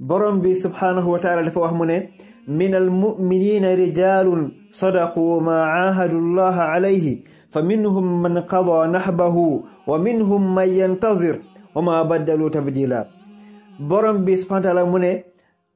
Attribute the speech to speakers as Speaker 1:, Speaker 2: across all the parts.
Speaker 1: borom bi subhaanahu wa taala dafa wax mu ne min almuminina rijalun sadaqu ma aahadu llaha alayhi fa minhum man qada nahbahu wa minhum man yantazir wa ma baddalu tabdila borom bi subhaanahu wa mu ne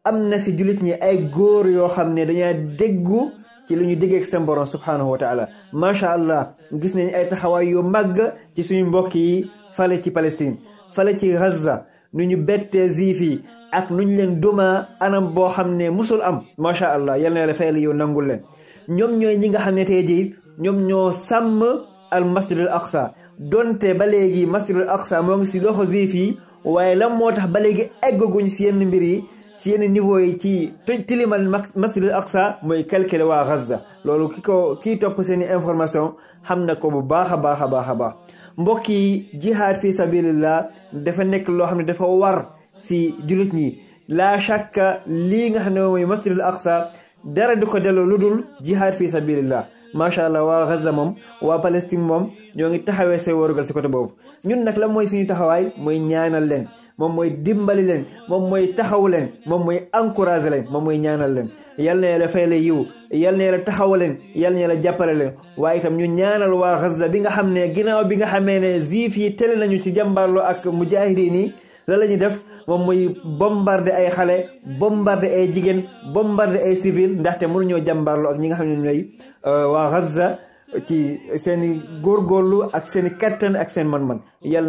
Speaker 1: am na si julit ñi ay góor yoo xam ne daña déggu ci lu ñu déggee ak seen borom subhaanahu wa taala macha allah gis nañ ay taxawaay yu màgg ci suñu mbokk yi fale ci Palestine fale ci Gaza nu ñu bettee juif yi ak nu ñu leen duma anam boo xam ne musul am macha allah yal na yàlla fayal yow nangul leen ñoom ñooy ñi nga xam ne tey jii ñoom ñoo sàmm al masjidul aqsa donte ba léegi masjidul aqsa moo ngi si loxo juif yi waaye lan moo tax ba léegi eggaguñ si yenn mbir yi si niveau yi ci tilimal masjidul aqsa mooy calculer waa Gaza loolu ki ko kii topp seen information xam na ko bu baax a baax a baax a baax mbokk yi jihaad fi sabilillah dafa nekk loo xam ne dafa war si jullit ñi laa shakka lii nga xam ne mooy masjidul aqsa dara di ko delloo lu dul jihaad fi sabilillah macha allah waa Gaza moom waa Palestine moom ñoo ngi taxawee say warugal si côté boobu ñun nag la mooy suñu taxawaay mooy ñaanal leen moom mooy dimbali leen moom mooy taxaw leen moom mooy encouragé leen moom mooy ñaanal leen yal na yàlla fay la yiw yal na yàlla taxaw leen yal na jàppale leen waaye itam ñu ñaanal waa Gaza bi nga xam ne ginnaaw bi nga xamee ne juif yi tele nañu ci jàmbarloo ak mujaahidiin yi la la ñuy def moom mooy bombardé ay xale bombardé ay jigéen bombardé ay civil ndaxte mënuñoo jàmbarloo ak ñi nga xam ne ñooy euh, waa Gaza ci seeni i góorgóorlu ak seen i kattan ak seen man-man yal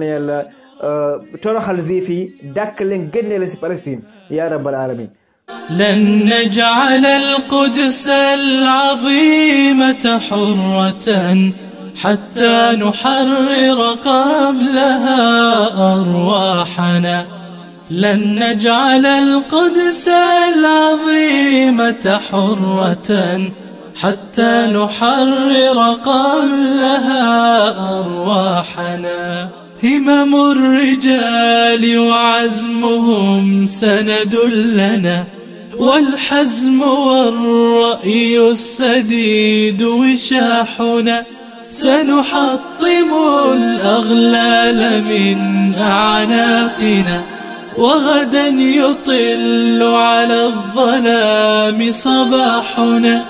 Speaker 1: toroxal juif yi dàkk leen génne leen si Palestine yaa rabbal alamin
Speaker 2: لن نجعل القدس العظيمة حرة حتى نحرر قبلها أرواحنا لن نجعل القدس العظيمة حرة حتى نحرر قبلها أرواحنا همم الرجال وعزمهم سند لنا والحزم والرأي السديد وشاحنا سنحطم الأغلال من أعناقنا وغدا يطل على الظلام صباحنا